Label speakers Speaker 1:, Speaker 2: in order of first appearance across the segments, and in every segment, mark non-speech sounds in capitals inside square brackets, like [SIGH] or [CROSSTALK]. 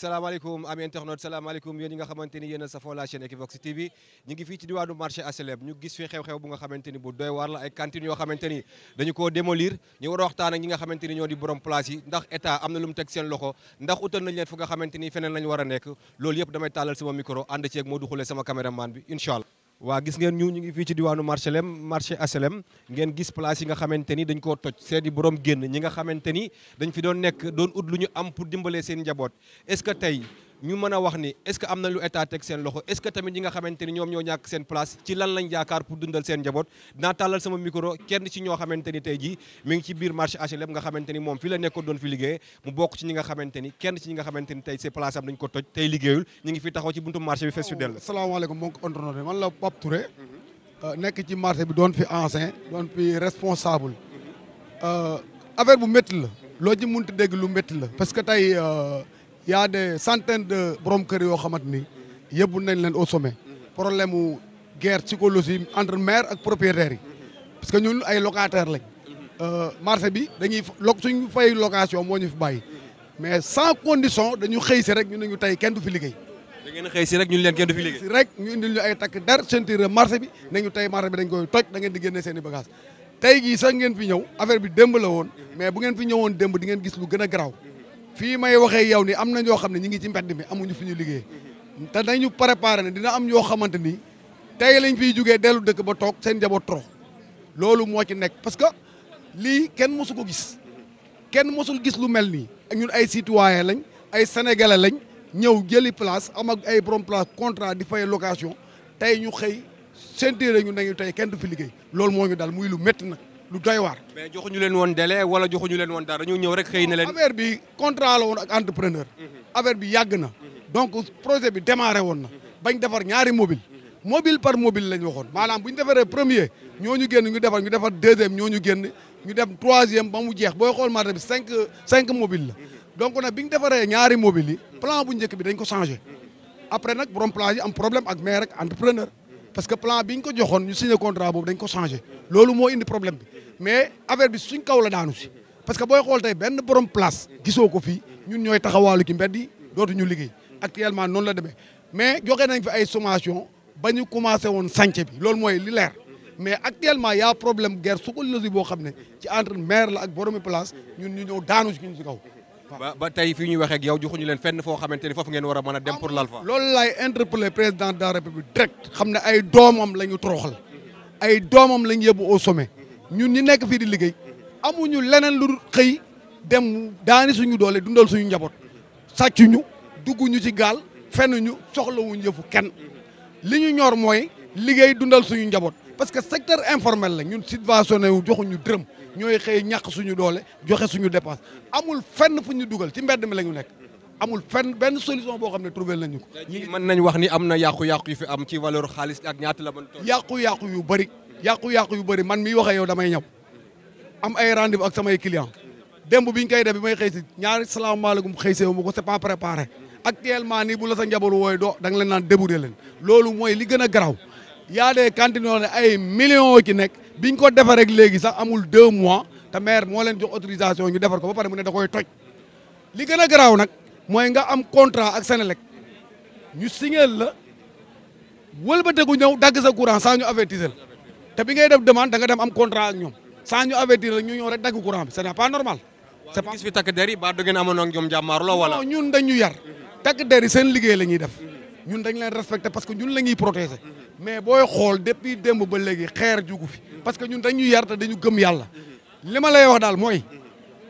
Speaker 1: salaamaaleykum am internet salaamaaleykum yéen ñi nga xamante ni yéen a safoo la chaîne Equivox TV ñu ngi fii ci diwaanu marché HLM ñu gis fi xew-xew bu nga xamante bu doy waar la ay cantines yoo xamante dañu koo démolir ñu war a waxtaan ak ñi nga xamante ni ñoo di borom place yi ndax état am na lu mu teg seen loxo ndax utal nañ leen fu nga xamante ni feneen lañ war a nekk loolu yëpp damay tàllal sama micro ànd ceeg moo du xulee sama caméraman bi incha allah waa gis ngeen ñu ñu ngi fii ci diwaanu marché lem marché aselem ngeen gis place yi nga xamante ni dañ koo toj seen i borom génn ñi nga xamante ni dañ fi doon nekk doon ut lu ñu am pour dimbalee seen njaboot est-ce que tey ñu mën a wax ni est-ce que am na lu état teg seen loxo est-ce que tamit ñi nga xamante ni ñoom ñoo ñàkk seen place ci lan lañ yaakaar pour dundal seen njaboot dinaa tàllal sama micro kenn ci ñoo xamante ni tey jii mi ngi ci biir marché HLM nga xamante ni moom fi la nekkoon doon fi liggéey mu bokk ci ñi nga ni kenn ci ñi nga xamante ni tey seen liggéeyul ñu ngi fi taxaw ci buntu marché bi fees su dell
Speaker 2: la Pape euh, nekk ci marché bi doon fi ancien doon fi responsable euh, affaire bu métti la loo ci mënti dégg lu métti la parce que tey euh, yaa de des de borom kër yoo xamante ni yëpp nañ leen au sommet problème mu guerre psychologie entre maire ak propriétaires yi parce que ñun ay locataire lañ euh, marché bi dañuy lo suñ fay location moo ñu fi bàyyi mais sans condition dañu xëy si rek ñu ne ñu tey kenn du fi liggéey.
Speaker 1: da ngeen xëy si rek ñu leen kenn du fi liggéey.
Speaker 2: rek ñu indil ñu ay takk der ceinture marché bi nañu ñu tey marché bi dañ koy toj da ngeen di génne seen i bagages jii sax ngeen fi ñëw affaire bi démb woon mais bu ngeen fi ñëwoon démb di ngeen gis lu gën a garaaw. fii may waxee yow nii am na ñoo xam ne ñi ngi ci mbedd mi amuñu fi ñu liggéey te dañu préparé ne dina am ñoo xamante ni tey lañ fiy jugee dellu dëkk ba toog seen njaboot trop loolu moo ci nekk parce que lii kenn mosu ko gis kenn mosul gis lu mel nii ñun ay citoyen lañ ay sénégalais lañ ñëw jëli place am ak ay borom place contrat di fay location tey ñu xëy sentir ñu nañu tey kenn du fi liggéey loolu moo ñu dal muy lu métti nag lu doy waar. mais joxuñu leen woon dele wala joxuñu leen woon dara dañoo ñëw rek xëy na leen. affaire bi contrat la woon ak entrepreneur. Mhm. affaire bi yàgg na. donc projet bi démarré woon na. bañ defar ñaari mobile. mobile par mobile lañ waxoon maanaam bu ñu defaree premier ñooñu génn ñu defar ñu defar deuxième ñooñu génn ñu def troisième ba mu jeex boo xool marché bi cinq cinq mobile la. donc nag bi ñu defaree ñaari mobile yi plan bu njëkk bi dañ ko changé après nag borom plan am problème ak maire ak entrepreneur. parce que plan bi ñu ko joxoon ñu signé contrat boobu dañ ko changé loolu moo indi problème bi mais affaire bi suñ kaw la daanu si parce que boo xool tey benn borom place gisoo ko fi ñun ñooy taxawaalu ci mbedd yi dootuñu liggéey actuellement noonu la demee mais joxe nañ fi ay sommation ba ñu commencé woon sànce bi loolu mooy li leer mais actuellement y' a problème guerre psychologique boo xam ne ci entre maire la ak boromi place ñun ñu ñëw daanu si ñu si kaw.
Speaker 1: ba ba tey fii ñuy waxee ak yow joxuñu leen fenn foo xamante ni foofu ngeen war a mën a dem pour lal fa.
Speaker 2: loolu laay interpellé président de la république direct xam ne ay doomam la ñu toroxal ay doomam la yebu yóbbu au sommet ñun ñi nekk fii di liggéey amuñu leneen lu xëy dem daani suñu doole dundal suñu njaboot sàccuñu dugguñu ci gaal fennuñu soxlawuñu yëfu kenn li ñu ñor mooy liggéey dundal suñu njaboot parce que secteur informel la ñun subventionné wu joxuñu dërëm. ñooy xëy ñàq suñu doole joxe suñu dépense amul fenn fu ñu dugal ci mbedd mi la ñu nekk amul fenn benn solution boo xam ne trouvé nañu ko.
Speaker 1: ñi mën nañ wax ni am na yàqu-yàqu yu fi am ci valeur xaalis ak ñaata la mën
Speaker 2: yàqu-yàqu yu bari yàqu-yàqu yu bëri man miy waxee yow damay ñaw am ay rendez-vous ak samay clients démb biñ koy def i may xëy si ñaari salaamaaleykum xëy si ma ko c'est pas préparé actuellement nii bu la sa njaboot wooy doo da nga leen naan débouté leen loolu mooy li gën a garaaw yaa dee cantine ne ay millions ci nekk biñ ko defar rek léegi sax amul deux mois te maire moo leen jox autorisation ñu defar ko ba pare mu ne da koy toj li gën a garaaw nag mooy nga am contrat ak Senelec ñu signal la wëlbateeku ñëw dagg sa courant sans ñu avertir te bi ngay def demande da nga dem am contrat ak ñoom saa ñu avertir la ñu ñëw rek dagg courant bi ce n'est pas normal.
Speaker 1: c'est pas gis fi takk der yi ba du ngeen amoon ak ñoom jàmmaarloo wala.
Speaker 2: ñu dañu yar takk der yi seen liggéey la ñuy def ñun dañ leen respecté parce que ñun la ñuy protégé mm-hmm. mais booy xool depuis démb ba léegi xeer jugu fi. parce que ñun dañuy yar dañu gëm yàlla li ma lay wax daal mooy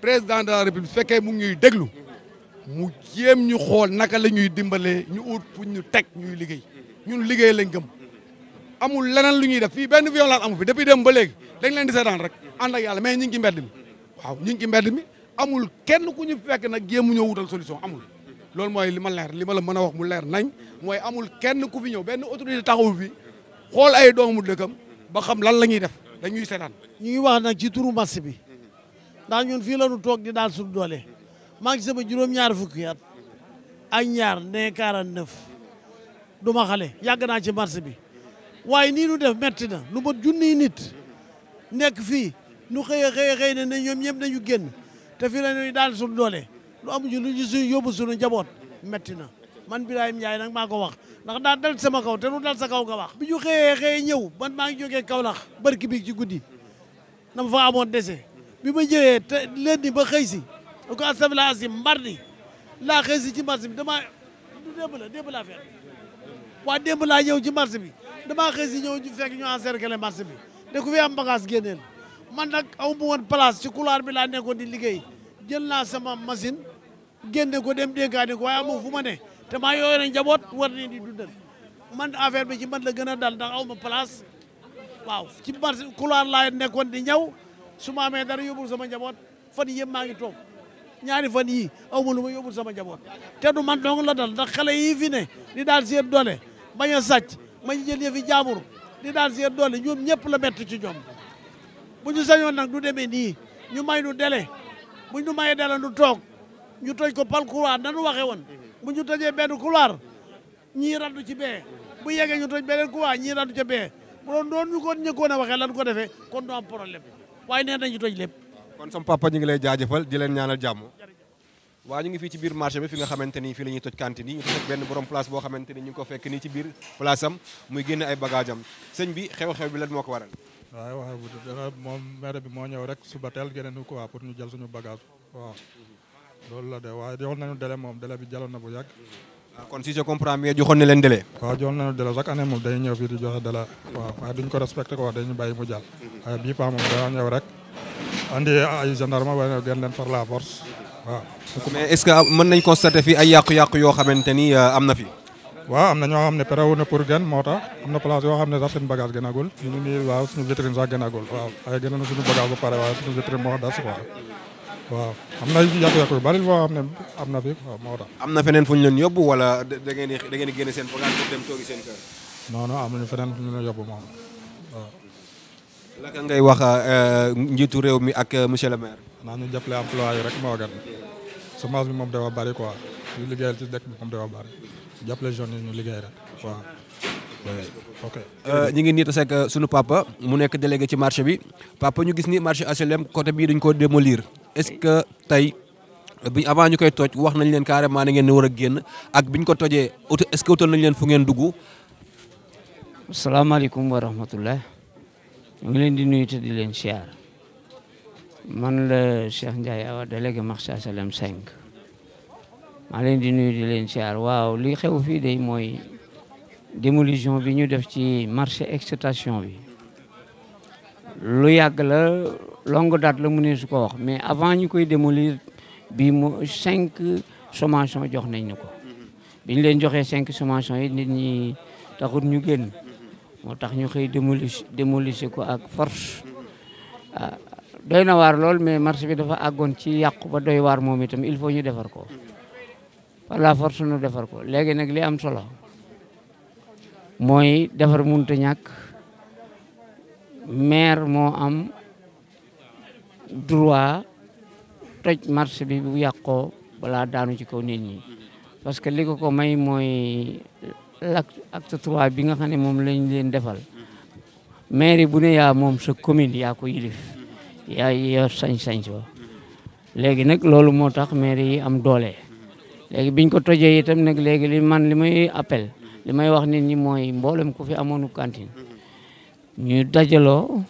Speaker 2: président de la république fekkee mu ngi ñuy déglu mu jéem ñu xool naka la ñuy dimbalee ñu ut fu ñu teg ñuy liggéey ñun liggéey lañ gëm amul leneen lu ñuy def fii benn violence amu fi depuis dem ba léegi dañ leen di seetaan rek ànd ak yàlla mais ñu ngi ci mbedd mi waaw ñu ngi ci mbedd mi amul kenn ku ñu fekk nag jéemu ñëw wutal solution amul loolu mooy li ma leer li ma la mën a wax mu leer nañ mooy amul kenn ku fi ñëw benn
Speaker 3: autorité taxawu fi xool ay doomu dëkkam ba xam lan la ñuy def dañuy seetaan ñu ngi wax nag ci turu match bi ndax ñun fii la ñu toog di daal suñu doole maa ngi sama juróom-ñaar fukki at ak ñaar ne 49 du ma xale yàgg naa ci match bi waaye nii nu def metti na lu mat junniy nit nekk fii nu xëy a xëy a xëy na ne ñoom ñëpp nañu génn te fii la ñuy daal suñu doole lu amuñu lu ñu suñu yóbbu suñu njaboot metti na man Birahim Ndiaye nag maa ko wax ndax daa dal sama kaw te nu dal sa kaw nga wax bi ñu xëyee xëyee ñëw man maa ngi jógee Kaolack barki bi ci guddi na ma fa amoon dese bi ma ñëwee te lundi ba xëy si da ko asabila laa xëy si ci marché bi damaa du démb la laa fekk waa démb laa ñëw ci marché bi damaa xëy si ñëw ñu bi te ku fi am bagage génneel man nag aw mu woon place ci couloir bi laa nekkoon di liggéey jël naa sama machine génne ko dem dénkaani ko waaye amoo fu ma ne te maa yooyu nañ njaboot war nañ di dundal man affaire bi ci man la gën a dal ndax aw ma place waaw ci marché couloir laa nekkoon di ñaw su ma amee dara yóbbul sama njaboot fan yéem yëpp maa ngi toog ñaari fan yi aw ma lu ma yóbbul sama njaboot te du man dong la dal ndax xale yii fi ne di daal seen doole bañ a sàcc mañ jël yëfi jaamur di daal seen doole ñoom ñëpp la métti ci ñoom bu ñu sañoon nag du demee nii ñu may nu dele bu ñu mayee dele nu toog ñu toj ko pal couloir nanu waxee bu ñu tojee benn couloir ñii raddu ci bee bu yeggee ñu toj beneen couloir ñii raddu ca bee bu doon doon ñu ko ñëkkoon a waxee lan ko defee kon du am problème waaye nee nañu toj lépp. kon sama
Speaker 1: papa ñu ngi lay jaajëfal di leen ñaanal jàmm. waaw ñu ngi fii ci biir marché bi fi nga xamante ni fii la ñuy toj cantine ñu teg benn borom place boo xamante ni ñu ngi ko fekk nii ci biir place am muy génne ay bagage am sëñ bi xew-xew bi lan moo ko waral.
Speaker 4: waaye waaw moom maire bi moo ñëw rek suba teel génne nu ko waa pour ñu jël suñu bagage waaw. loolu la de waaye joxoon nañu délai moom délai bi jaloon na bu yàgg. Ah, kon si je comprends mieux joxoon na leen délai. waaw joxoon nañu délai chaque année moom dañuy ñëw fii di joxe délai. waaw duñ ko respecté quoi dañu bàyyi mu jàll. waaye bii paa moom dañoo la force. waaw
Speaker 1: mais nañ constater fii ay yàqu-yàqu yoo xamante ni euh, am na fi. waaw am na ñoo xam ne pare wu na pour
Speaker 4: gën moo tax am na place yoo xam ne sax seen bagage gënagul ñu suñu vitrine sax gënagul waaw ay gënoon suñu bagage ba pare waaye suñu vitrine moo das waaw am na yàqu-yàqu yu bari boo xam am na fi am na feneen fu ñu leen yóbbu wala da
Speaker 1: da ngeen di génne seen bagage dem toogi seen kër. non amuñu feneen fu ñu leen ngay wax euh, njiitu réew mi ak euh, monsieur le maire.
Speaker 4: naa ñu jàppale emploi yi rek moo gën semence bi moom dafa bari quoi ñu liggéeyal ci dëkk bi moom dafa bari jàppale jeunes yi ñu liggéey rek waaw. ok euh, ñu
Speaker 1: ngi nii ak sunu papa mu nekk délégué ci marché bi papa ñu gis nii marché HLM côté bii dañ ko démolir. est-ce que tey bi avant ñu koy toj wax nañ leen carrément na ngeen ni war a génn ak biñ ko tojee est-ce que utal nañ leen fu ngeen dugg.
Speaker 5: salaamaaleykum wa rahmatullah ñu leen di nuyu di leen siyaar man la Cheikh Ndiaye Awa délégué Marché Salem 5 maa leen di nuyu di leen siyaar waaw li xew fii day mooy démolition bi ñu def ci marché extension bi lu yàgg la. longue date la mu ne su ko wax mais avant ñu koy démolir bi mu cinq sommation jox nañ ñu ko biñ leen joxee cinq sommation yi nit ñi taxut ñu génn moo tax ñu xëy démoli démolissé ko ak force ah, doy na waar lool mais marché bi dafa àggoon ci yàqu ba doy waar moom itam il faut ñu defar ko par la force ñu defar ko léegi nag li am solo mooy defar mënut a ñàkk maire moo am droit toj marché bi bu yàqoo balaa daanu ci kaw nit ñi parce que li ko ko may mooy acte trois bi nga xam ne moom lañ leen defal mairie bu ne yaa moom sa commune yaa ko yilif yaa yor sañ-sañ ba léegi nag loolu moo tax mairie yi am doole léegi biñ ko tojee itam nag léegi li man li may appel li may wax nit ñi mooy mboolem ku fi amoonu cantine ñu dajaloo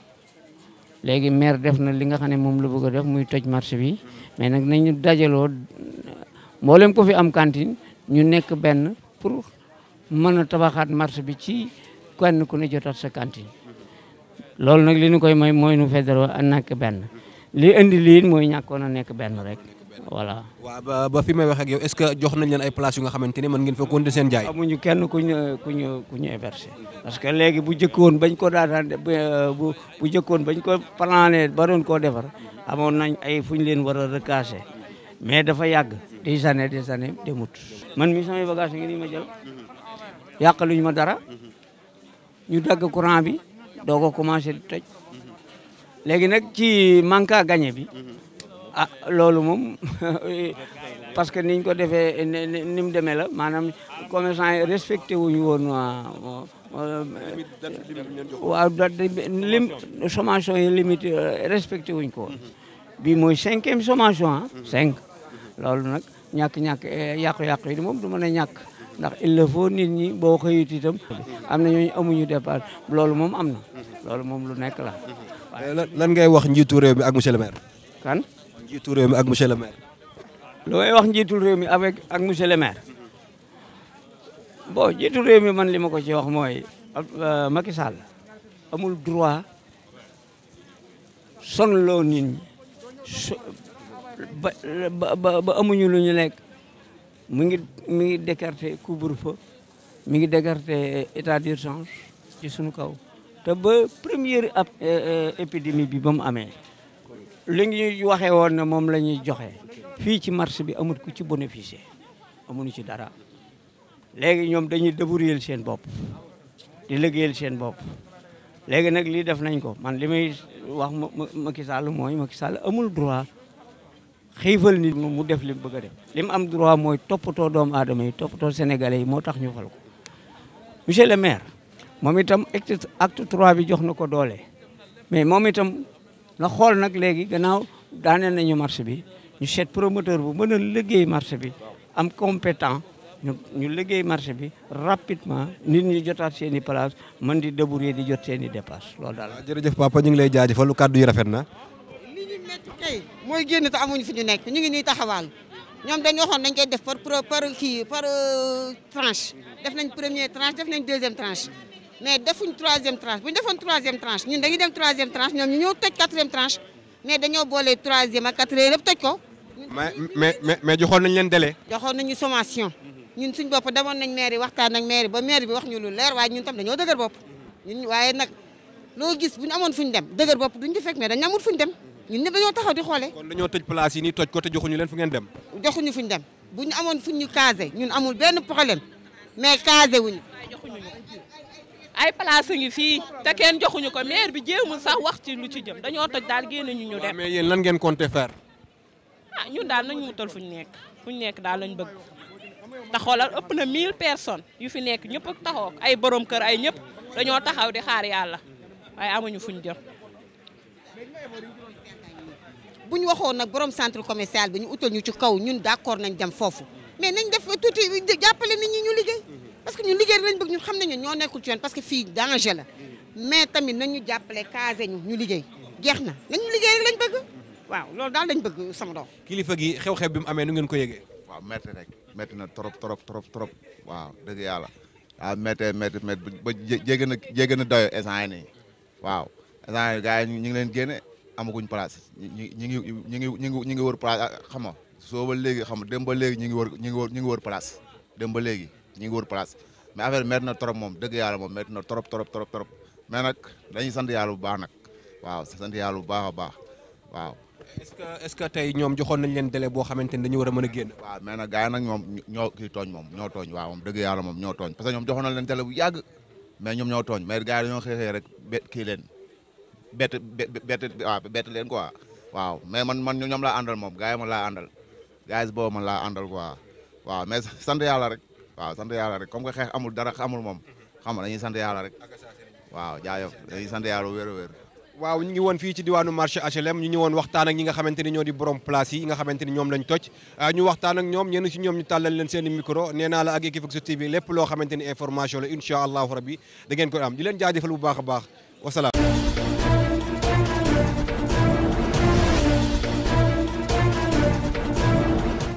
Speaker 5: léegi maire def na li nga xam ne moom la bëgg a def muy toj marché bi mais nag nañu dajaloo mboolem ko fi am cantine ñu nekk benn pour mën a tabaxaat marché bi ci kenn ku ne jotaat sa cantine loolu nag li ñu koy mooy mooy nu fédéroo a nekk benn li indi lii mooy ñàkkoon a nekk benn rek voilà. waaw ba ba fi may
Speaker 1: wax ak yow est-ce que jox nañ leen ay place yu nga xamante ni mën ngeen fa continuer seen jaay.
Speaker 5: amuñu kenn ku ñu ku ñu ku ñu héberger parce que léegi bu jëkkoon bañ ko daataan bu bu jëkkoon bañ ko plané ba doon koo defar amoon nañ ay fu ñu leen war a recaser mais dafa yàgg des années des années demut. man mi samay bagage ngi nii ma jël yàqaluñ ma dara ñu dagg courant bi doo ko commencé di toj léegi nag ci manque à bi. ah loolu moom parce que niñ ko defee ni mu demee la maanaam commerçant yi respecté wuñu woon waa waaw yi limite euh, respecté wuñ ko woon bi mooy cinquième sommation ah cinq loolu nag ñàkk-ñàkk eh, yàqu-yàqu yi moom du mën a ñàkk ndax il le nit ñi boo xëyut itam am na ñooñu amuñu départ loolu moom am na loolu moom lu nekk la lan ngay wax
Speaker 1: njiitu réew mi ak monsieur le
Speaker 5: kan njiitu réew mi ak monsieur le maire. lu wax njiitul réew mi avec ak monsieur le maire bon njiitul réew mi man li ma ko ci wax mooy euh, Macky amul droit sonloo nit ba ba ba amuñu lu ñu lekk mu ngi mi ngi décrété couvre mi ngi décrété état d'urgence ci suñu kaw te ba première euh, euh, épidémie bi ba mu amee. li ñuy waxee woon na moom la ñuy joxe fii ci marché bi amut ku ci bénéficier amuñu ci dara léegi ñoom dañuy débrouiller seen bopp di liggéeyal seen bopp léegi nag lii def nañ ko man li may wax Macky Sall mooy Macky Sall amul droit xiifal nit mu def li mu bëgg a def li mu am droit mooy toppatoo doom aadama yi toppatoo sénégalais yi moo tax ñu fal ko monsieur le maire moom itam acte acte bi jox na ko doole mais moom itam na xool nag léegi gannaaw daaneel nañu marché bi ñu seet promoteur bu mën a liggéey marché bi am compétent ñu ñu liggéey marché bi rapidement nit ñi jotaat seen i place mën di débrouiller di jot seen i dépasse loolu daal. jërëjëf papa ñu ngi
Speaker 1: lay jaajëfal lu kàddu yi rafet na. ñu
Speaker 6: métti kay mooy génn te amuñu fi ñu nekk ñu ngi nii taxawaal ñoom dañu waxoon nañ koy def par par kii par euh, tranche def nañ première tranche def nañ deuxième tranche. mais defuñ troisième tranche bu ñu defoon troisième tranche ñun dañuy dem troisième tranche ñoom ñu ñëw toj quatrième tranche mais dañoo boole troisième ak quatrième yëpp toj ko.
Speaker 1: mais mais mais joxoon nañ leen délai.
Speaker 6: joxoon nañu sommation ñun suñ bopp demoon nañ mairie waxtaan ak mairie ba mairie bi wax ñu lu leer waaye ñun tam dañoo dëgër bopp ñun waaye nag loo gis bu ñu amoon fuñ dem dëgër bopp duñ ci fekk mais dañ amul fuñ dem ñun ñëpp dañoo taxaw di xoole. kon
Speaker 1: dañoo tëj place yi nii toj ko te joxuñu leen fu ngeen dem.
Speaker 6: joxuñu fuñ dem bu ñu amoon fuñ ñu casé ñun amul benn problème mais casé wuñu ay place ngi fii te kenn joxuñu ko maire bi jéemul sax wax ci lu ci jëm dañoo toj daal génn ñu ñu dem. mais
Speaker 1: yéen ngeen compté faire.
Speaker 6: Ah, ñun daal nañu wutal fu ñu nekk fu ñu nekk daal lañ bëgg te xoolal ëpp na mille personnes yu fi nekk ñëpp ak taxaw ay borom kër ay ñëpp dañoo taxaw di xaar yàlla waaye amuñu fuñ jëm. bu ñu waxoon nag borom centre commercial bi ñu utal ñu ci kaw ñun d'accord nañ dem foofu mais nañ def tuuti jàppale nit ñi ñu liggéey. parce que ñun liggéey lañ bëgg ñun xam nañu ñoo nekkul ci parce que fii danger la mais tamit nañu jàppale casé ñu ñu liggéey jeex nañu liggéey rek lañ bëgg waaw loolu daal lañ bëgg sama doom.
Speaker 1: kilifa gi xew-xew bi mu amee nu ngeen ko yëgee. waaw métti rek métti na trop trop trop trop waaw dëgg yàlla waaw méttee métti métti ba jéggi na jéggi na doyo instant nii waaw instant yii yi ñu ngi leen génne amaguñ place ñu ñu ngi ñu ngi ñu ngi ñu ngi wër place ah, xam nga soo ba xam dem ba léegi ñu ngi wër ñu ngi wër ñu ngi wër place dem ba léegi ñu ngi wër moom dëgg yàlla moom métti na trop trop trop trop mais nag bu baax nag waaw sant bu baax a baax waaw. est-ce que est-ce que tey joxoon nañ leen délai boo xamante ni dañu war a mën a génn. waaw mais nag gars yi nag ñoo tooñ moom ñoo tooñ waaw dëgg yàlla moom ñoo tooñ parce que ñoom joxoon nañ leen délai bu yàgg mais ñoom ñoo tooñ mais gars yi xeexee rek bet kii leen bett waaw mais man man ñoom la àndal moom gars yi man laa àndal gars yi boobu man laa àndal quoi waaw mais [LAUGHS] sant yàlla rek waaw sant yàlla rek comme que xeex amul dara amul moom xam nga dañuy sant yàlla rek waaw ñu ngi woon fii ci diwaanu marché HLM ñu ngi woon waxtaan ak ñi nga xamante ni ñoo di borom place yi nga xamante ni ñoom lañ toj ah, ñu waxtaan ñoom ñenn si ñoom ñu tàllal leen seen i micro nee naa la ak équipe Equivox TV lépp loo xamante ni information la incha allahu rabbi da ngeen am di leen jaajëfal bu baax a baax wasalaam